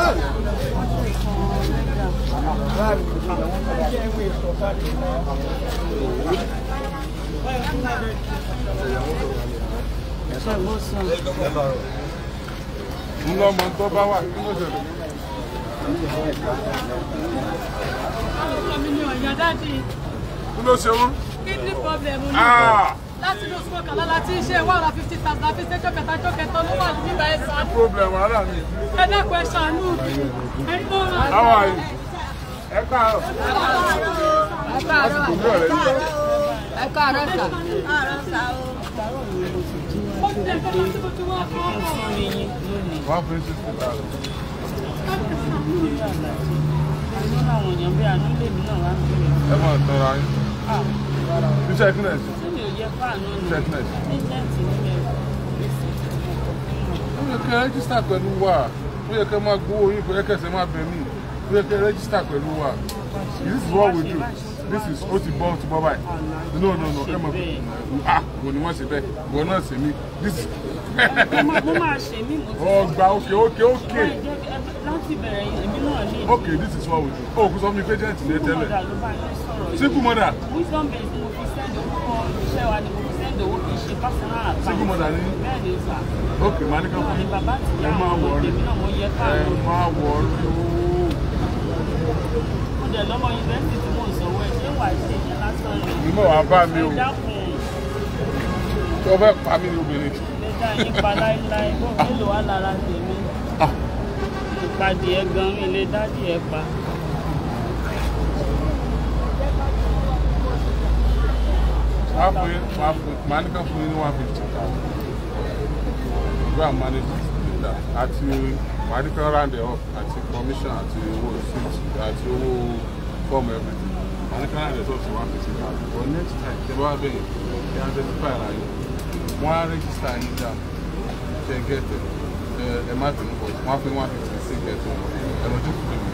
ń tó bá wà kí ló ṣẹlẹ̀. kí ló ṣe wọ́n. kidney problem ní. Ah! láti inú smoker lára tí iṣẹ́ wàrà fífi sisters láti ṣe jọ́kẹta jọ́kẹta ló wà nígbà ẹ̀ sọ. problem ara mi. ẹ dẹ́kun ẹ ṣàánú mi. ẹni tó rà. àwọn àyè ẹ káàárọ̀. ẹ káàárọ̀ ẹ káàárọ̀ sà. wọ́n fi sísè bá a lọ. ẹ máa tọ́ra yín. iṣẹ́ kílẹ̀ sí. iṣẹ́ kílẹ̀ sí ó yẹ kẹ́ rẹ́gísítà pẹ̀lú wa ó yẹ kẹ́ máa gbowó yín kó yẹ kẹ́sẹ̀ máa bẹ̀ mí ó yẹ kẹ́ rẹ́gísítà pẹ̀lú wa this is what we do this is ó ti bọ́ ó ti bọ́ báyìí no no no ẹ mọ̀ ah kò ní wọ́n ṣe bẹ́ẹ̀ ìwọ náà ṣe mí this is. mo máa ṣe mí mo ti. okay okay okay. okay this is what we do. o oh, kò sọ fún mi patient ní tẹ́lẹ̀. simple mother ló wisdom based mo fi send orúkọ iṣẹ́ wa ni mo ìdòwú kì í ṣe pásánà àtàkùn. sígùn mọ̀dà ni. bẹ́ẹ̀ ni sà. ok màá ní ká fún mi. bàbá ti yá àwọn èmi náà mo yẹ káàró. ẹ máa wọ̀ ọ́ mo dẹ̀ lọ́mọ yunifásitì tí mò ń sanwó ẹ̀ ṣé wàá ṣe ìyẹn lásán ni. mo wàá bá mi o tó fẹ́ pa mí ní obìnrin. ẹja yín pa láéláé bó mélòó wà lára tèmi. Ah. ìpàdé ẹ̀ gan-an ilé dádì ẹ̀ pa. Wàá fún yín, wàá fún yín, màá ní ká fún yín ní one fifty thousand. Ìgbà manage data àti màá ní ká round it up àti commission àti owó seat àti owó form everything. Màá ní ká round it up to one fifty thousand. But next time, ṣe wá bẹ̀yìn, ṣe identify ara yín. Wọ́n á register yín dá, ṣe gẹ́tẹ̀, ẹ má tẹ̀ ń bọ̀, wọ́n fi one fifty sí gẹ́tẹ̀ wọn, ẹ̀rọ tó kù lè mú.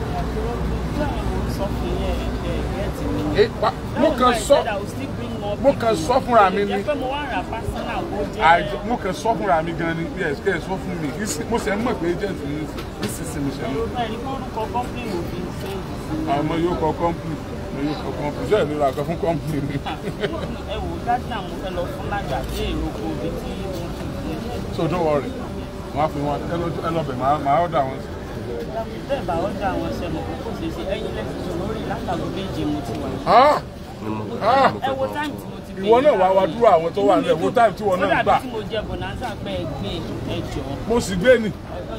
Mo kàn sọ mo kàn sọ fúnra mi ni mo kàn sọ fúnra mi gan ni yes kẹ́ ẹ̀ sọ fún mi mo ṣe ń mọ̀ pé agent mi ní sísè mo ṣe ń mọ̀. yóò kọ company mo yóò kọ company ṣé ẹ̀ lóra kan fún company mi. Ah, ẹ wò dáadáa mo fẹ́ lọ fún lájà ní èrò kò tí mo ti. so don't worry máa fi wọn ẹ lọ bẹ máa ọdọ àwọn sí. bẹ́ẹ̀ bá ọjà àwọn ṣẹlẹ̀ kókó ṣe ṣe ẹyin lẹ́sìn lórí látàgbọ́ méje mo ti wà ìwọ náà wàá wá dúró àwọn tó wà nílẹ̀ wo táìmù tí wọn náà gbà. mo jẹ bonanza pé ẹ gbé e, ẹjọ. mo sì gbé ni. inú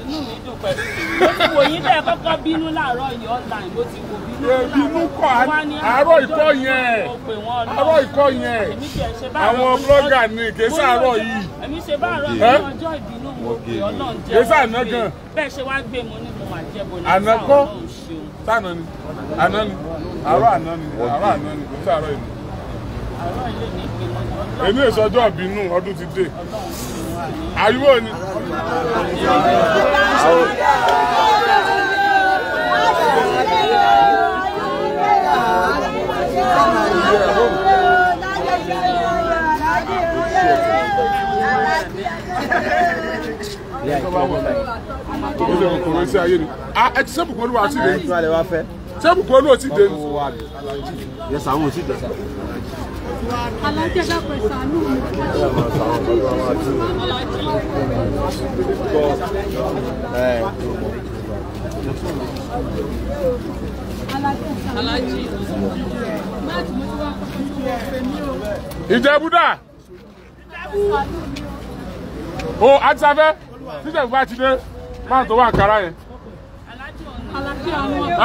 mi dùn pẹ̀lú mo ti wò yín bẹ́ẹ̀ kọ́kọ́ bínú láàárọ̀ yìí online mo ti wò bínú láàárọ̀. bínú kọ ah, àárọ̀ ìkọ́ yẹn àárọ̀ ìkọ́ yẹn àwọn blọ́gà ni kèésì àárọ̀ yìí. èmi ṣe bá àárọ̀ yìí ọjọ́ ìbínú mo pè ọ́ jẹ́ e. bẹ́ẹ̀ ṣe wá gbé e, mo ní mo máa jẹ bonanza ọ̀hún Ara àná ni àárọ̀ àná ni kò sàárọ̀ ìlú. èmi èso ọjọ́ ìbínú ọdún ti dé ariwo ni. Ẹ ti sẹ́bùkún olúwa sí ni. Ẹ ti sẹ́bùkún olúwa sí ni sẹ́bù kan náà ti dé ní. yẹ sàwọn ò sì dé. alájẹ dàpọ̀ ìsàánú mi. alájẹ láti mú wá kọ́kọ́ sí ọ̀rẹ́ o. ìjẹ̀bú dà. o àti sáfẹ́ sísẹ̀ fún bá ti dé máa tó wà kára yẹn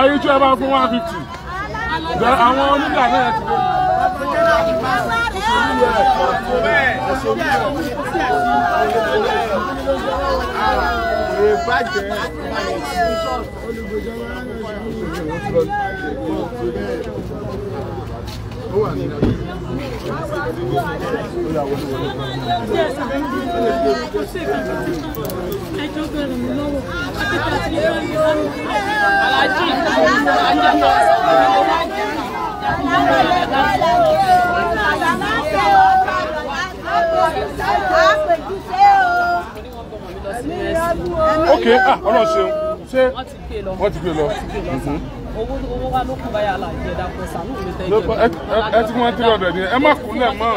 ẹ̀yin tí ẹ bá fún one fifty àwọn onígbà náà ti lé. Ìbàjẹ́ olùgbèjọba ránà ìṣòro ìṣòro. Okay. Ah, ní ìdájọ́. ẹjọ́ bẹ̀rẹ̀ mi lọ́wọ́ akẹ́kọ̀ọ́ àti ìlú alájí owó owó wa ló kù báyà la ìjẹ dàpọ̀ sànú mi tẹ́ ìjẹ ẹ ti fún wọn three hundred yẹn ẹ má kúnlẹ̀ mọ́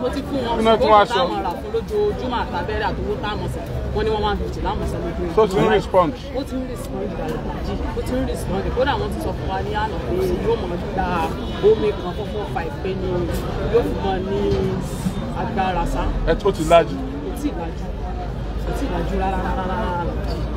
mo ti fún wọn ṣùgbọ́n kò bá wọn rà fún lójoojúmọ́ àtàbẹ́rẹ́ àtòwó tá a mọ̀ wọ́n máa ń fìjì lámọ̀sán lójoojúmọ́. so ti ń respond. ó ti ń respond dàgbàjì ó ti ń respond kódà wọn ti sọ fún wa ní àná pé yóò mọ̀ gba omi kan four five penny. ni yóò fún wọn ní agbára sá. ẹ tó ti lájú. kò tí ì lájú kò tí ì lájú rárá rárá rárá.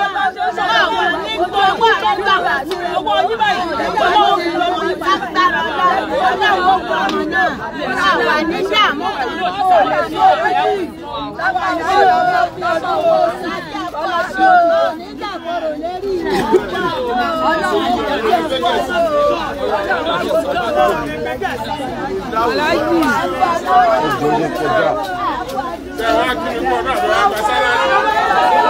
àwọn ní gbogbo àgbà owó oníbà ìgbòho lọ́wọ́ ìgbòho látara ọlọ́wọ́ ọmọ náà àwa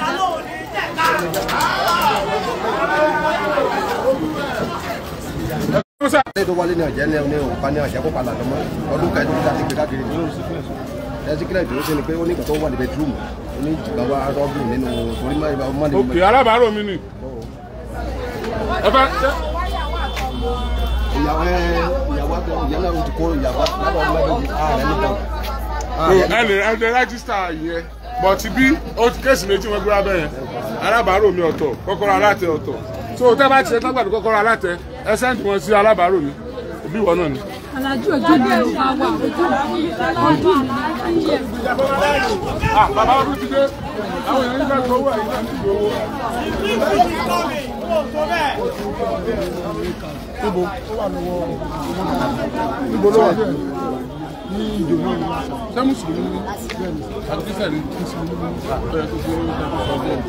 tẹ́lẹ̀ tó wálé ní ọ̀jẹ́ ní ọ̀nà òǹpa ní ọ̀jẹ́ kó padà lọ́mọ ọdún kan tó dá sí pé káàkiri ẹsikilẹ tó ṣe ni pé ó ní kòtò wà ní bẹtúrúmù ó ní jìgbà wa rọ́ọ̀bù nínú torí má ìbá ọmọdé. òkè alábàárò mi ni. ẹ fẹ́. ìyàwó ẹ ìyàwó àti ìyàwó náà ti kó ìyàwó lábàá ọmọdé ààrẹ nìkan. ẹ lè ẹ lè rẹ́gísítà yẹn bọ̀tí bí ó ti kéèsì méjì wọn gbéra bẹ́ẹ̀ alábàárò mi ọ̀tọ̀ kọ́kọ́rọ́ aláàtẹ ọ̀tọ̀ so tẹ́ bá ti ṣe tán gbàdúgbò kọ́ra alátẹ ẹ sẹ́ǹtì wọn sí alábàárò mi òbí ìwọ náà ni. alájú ojú ni ẹ wá wà ojú ọdún mi ayé ẹ. Ah, bàbá wa ti dé àwọn èèyàn nígbà tó owó ẹ̀yìn náà ti gbowó. níbo níbo ló wà ní ìdòwò ṣé mùsùlùmí ni àti kíkà ní mùsùlùmí ni ọ̀yà tó fi ọ̀yà tó sọ bẹ́ẹ̀ ní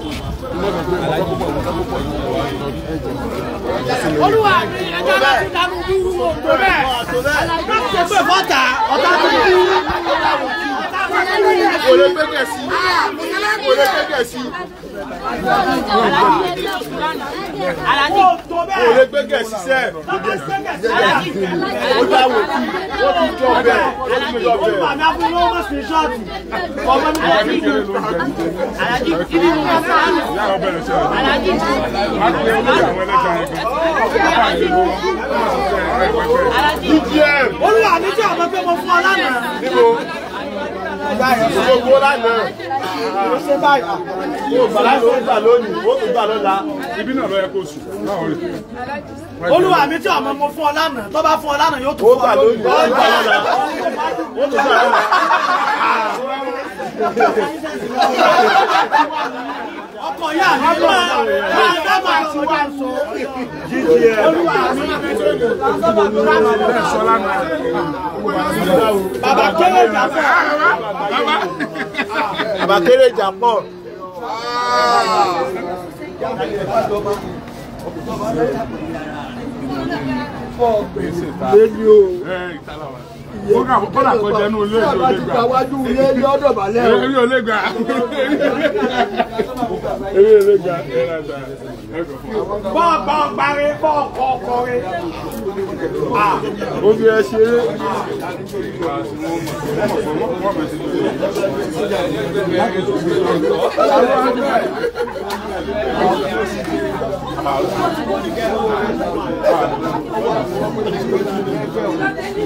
ọ̀dọ̀ pé ọ̀gá púpọ̀ ọ̀gá púpọ̀ ní ọ̀wà ìtọ́jú. ẹjọ́ láti dànù bí wù ó o lè gbé gẹ̀ ṣiṣẹ́ o dáwò tí o ti jọ bẹ́ẹ̀ o ti jọ bẹ́ẹ̀. o bàbá fún yóò mọ̀ sí ṣọ́ọ̀tì ọmọ mi kò tí ìlú alájí kí ni mo fà á lọ alájí alájí olùwà mi tí àwọn pé mo fún ọ lánàá owó lánàá ló ṣe báyà yóò gbà lánàá ó gbà lónìí ó tún gbà lọ́la. ibi náà ló yẹ kó sùn láwọn rẹ. olúwa mi tí ọmọ mo fún ọ tó bá fún ọ yóò tún fún ọ lónìí ó gbà lọ́la ọkọ̀ ìyá mi máa máa dábàá tí wọ́n sọ. jíjí ẹ olúwa mi bàbá kéré jà pọ̀. bàbá kéré jà pọ̀. Fọ́ọ̀gbèsè ta. Lélí o. Ẹ ìtàlá wa kódà kódà kó jẹ́ inú ilé ìlú olè gbà. àwájú ilé ilé ọ̀dọ̀ balẹ̀ o. èmi ò lè gbà. èmi ò lè gbà. bọ́ọ̀ bọ́ọ̀ parí bọ́ọ̀ kọ́ kọrí. ó fi ẹ ṣeré. Thank you.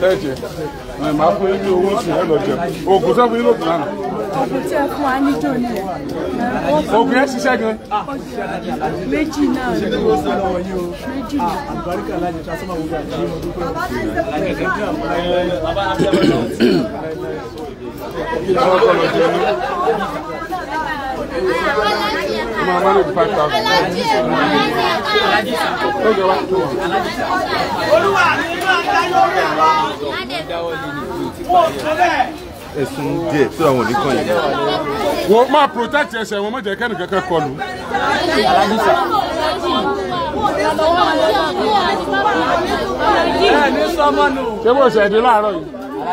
lẹ́ẹ̀jẹ̀ ẹ̀ máa fún yín owó sùn ẹ̀ lọ́jọ́ oògùn sọ́fún yín lóògùn lánàá. oògùn tí ẹ fún wa ní jò ní ẹ. oògùn yẹn ṣiṣẹ́ gan. méjì náà ni méjì náà. àbáríkà alájẹ tá a sábà máa máa lóde five thousand. lọ́jọ́ wa tó wọn. olúwa nínú àgbáyé orí ẹ̀rọ wọn ò tẹ́lẹ̀. ẹ̀sùn díẹ̀ tó àwọn oníkan yìí. wọ́n máa protect ẹsẹ̀ wọn má jẹ́ kẹ́ni kankan kọlù. ṣé bó ṣe ẹ̀dín láàárọ̀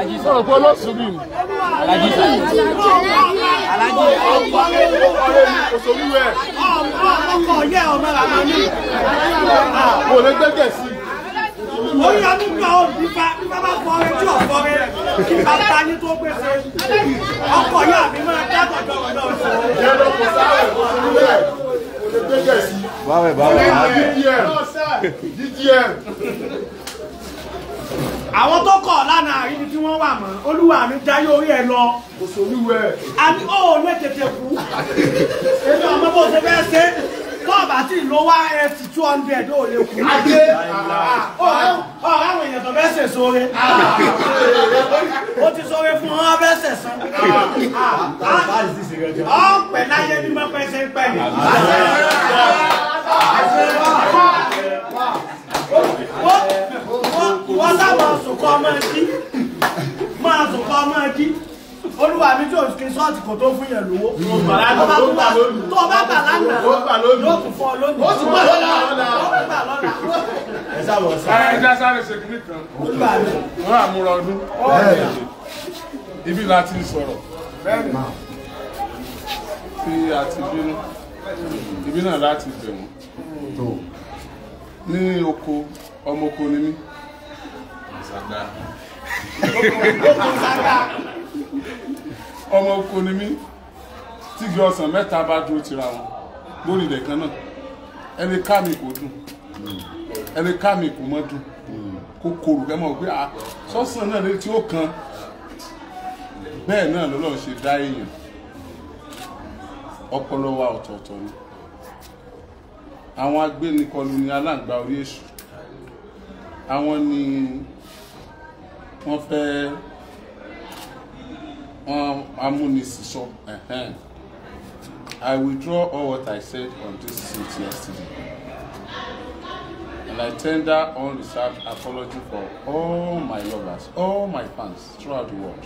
yìí. sọ̀rọ̀ pé olóṣù bíi alájọ. ọkọ ọ̀rẹ́ mi kò rẹ. ọkọ yẹ ọmọ làwọn ní. kò lè gbẹ́gẹ̀ sí i orí ọdún kan ó bí bá bá fọ ọrẹ tí ò fọ ọrẹ bàbá yín tó gbèsè ọkọ yóò àbí máa dábọ̀ dọ̀rọ̀dọ̀ sọ. ìyẹn ló kò sáré kò sí rẹ̀ kò lè gbé gẹ̀ẹ́sì. báwo báwo àbí. ddm àwọn tó kọ̀ lánàá yìí ni tí wọ́n wà mọ́ olúwa mi jáyé orí ẹ lọ òṣòlúwẹ̀. àbí ó lè tètè kú èmi ọmọ bó ṣe fẹ́ ṣe tọ́ọ̀bà tí ló wá ft two hundred ó lè kú. ajé ọ̀rọ̀ àwọn èèyàn tó fẹ́ ṣe sóore. ó ti sóore fún wọn fẹ́ ṣe san. ọ̀pẹ̀ ah, ah. ah, láyé bí mo fẹ́ ṣe ń pẹ́ mi. wọ́n sábà sùn kọ́ ọmọ ẹjí máa sùn kọ́ ọmọ ẹjí olúwa mi tó kí sọ́ọ̀tì kò tó fún yẹn lówó. tó bá gbà lánàá yóò tún fọ lónìí. ó ti gbà lọ́la ó ti gbà lọ́la. ẹ sábà sáré. ẹ jẹ́ sáré ṣe kíní kan. olúwa mi. wọ́n àmúra ọdún. ibi la sọ̀rọ̀. bẹ́ẹ̀ni tí bínú ibi náà láti bẹ̀ ní oko ọmọ oko ni mí. ọkùnrin sábà ọmọ oko ni mí tígi ọsàn mẹ́ta bá dúró tira wọn lórí ilẹ̀ kan náà ẹni ká mi kò dùn ẹni ká mi kò mọ́ dùn kó korò kẹ́ mọ̀ pé sọ́sàn náà lè tí ó kan bẹ́ẹ̀ náà lọ́lọ́ ṣe dá èèyàn ọpọlọ wa ọ̀tọ̀ọ̀tọ̀ ni àwọn agbénikọlù ni aláǹgbá orí èṣù àwọn ni wọ́n fẹ́ẹ́ um, amúnisísọ. Uh-huh. I withdraw all what I said on this suit yesterday. And I tender unreserved apology for all my lovers, all my fans throughout the world.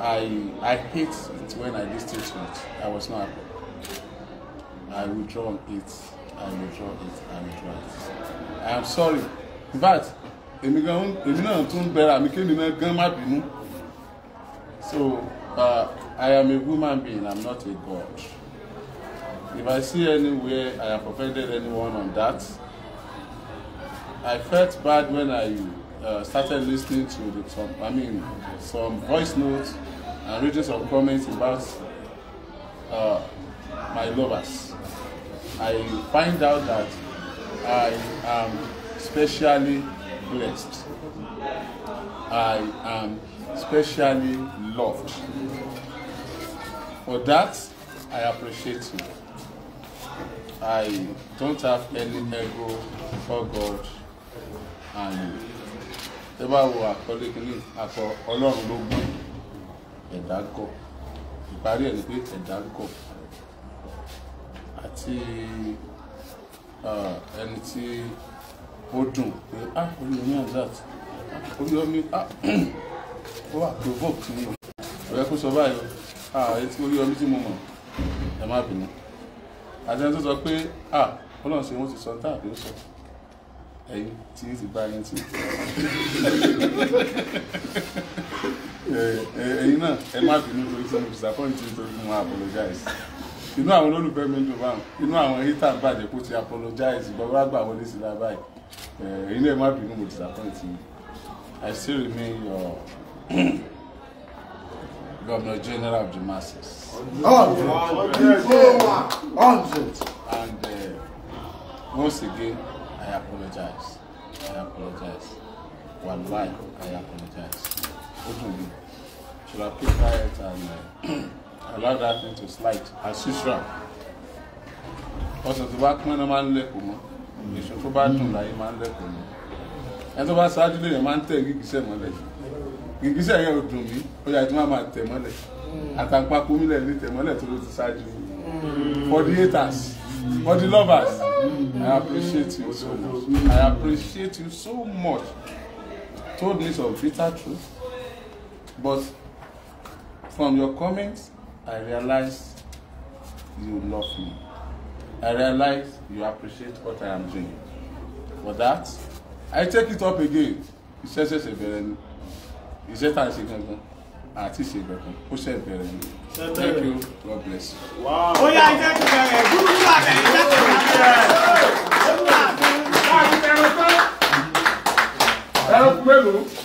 I I hate it when I to it. I was not happy. I withdraw it. I withdraw it. I withdraw it. I am sorry. In fact, èmi gan èmi náà tún bẹ̀rẹ̀ àmì kémi náà gan má bínú. So, uh, I am a human being, I'm not a God. If I see anywhere I have offended anyone on that, I felt bad when I uh, started listening to the, some, I mean, some voice notes and reading some comments about uh, my lovers. I find out that I am specially blessed. I am specially loved. For that, I appreciate you. I don't have any ego for God and you. Ẹ bá wo àkọlé kìíní àkọ Ọlọ́run ló gbọ́n ẹ̀dá gọ̀. Ìparí ẹ̀ ni pé ẹ̀dá gọ̀. Àti ẹni tí ó dùn pé ah orí omi àzàt orí ah. ó wà provoked ni ọ̀rẹ́ kó sọ báyìí ah etí orí ọmí tí mo mọ̀ ẹ má bínú àti ẹni tó sọ pé ah ọlọ́run ṣe wọ́n ti sọ ní tàbí ó sọ ẹ̀yin tí yìí ti bá yín tì ẹ̀yin náà ẹ má bínú torí sọ mi disappoint nítorí mo apologize inú àwọn olólùfẹ́ mi ń dùn báwọn inú àwọn hítà ń bàjẹ́ kó ti apologize bàbá àgbà wọlé sí lábáyé ẹ̀yin náà ẹ má bínú mo disappoint yín I still remain your Hmm. Governor General of the Masses. Hundred. Hundred. And uh, once again, I apologize. I apologize. life. I apologize. Openly. Should I keep quiet and uh, allow that thing to slide as usual? Ọ̀sẹ̀ tó bá pín a man ń you, mọ́. Èso tó bá dùn man máa ń lẹ́kọ̀ọ́ mọ́. Ẹni tó bá ṣáájú lè yẹn máa ń tẹ̀ gígísẹ̀ mọ́lẹ̀ yìí ìgbésẹ̀ yẹn ò dùn mí ó yà tí máa tẹ̀ mọ́lẹ̀ mm. àtàǹpá kúmílẹ̀ ní tẹ̀mọ́lẹ̀ tó ló ti ṣáájú mm. for the haters for the lovers mm. I appreciate you so much I appreciate you so much told me some bitter truth but from your comments I realize you love me I realize you appreciate what I am doing for that I take it up again iṣẹ́ ṣẹ̀ṣẹ̀ ni iṣẹ́ tá a ń ṣe gangan àti ìṣègbẹ̀kan ó ṣe bẹ̀rẹ̀ ni thank you God bless you. ó yá iṣẹ́ ti bẹ̀rẹ̀ gúrú wà bẹ̀rẹ̀ iṣẹ́ ti bẹ̀rẹ̀ ó wà fún wa ìfẹ́ràn tán. ẹ̀rọ mélòó.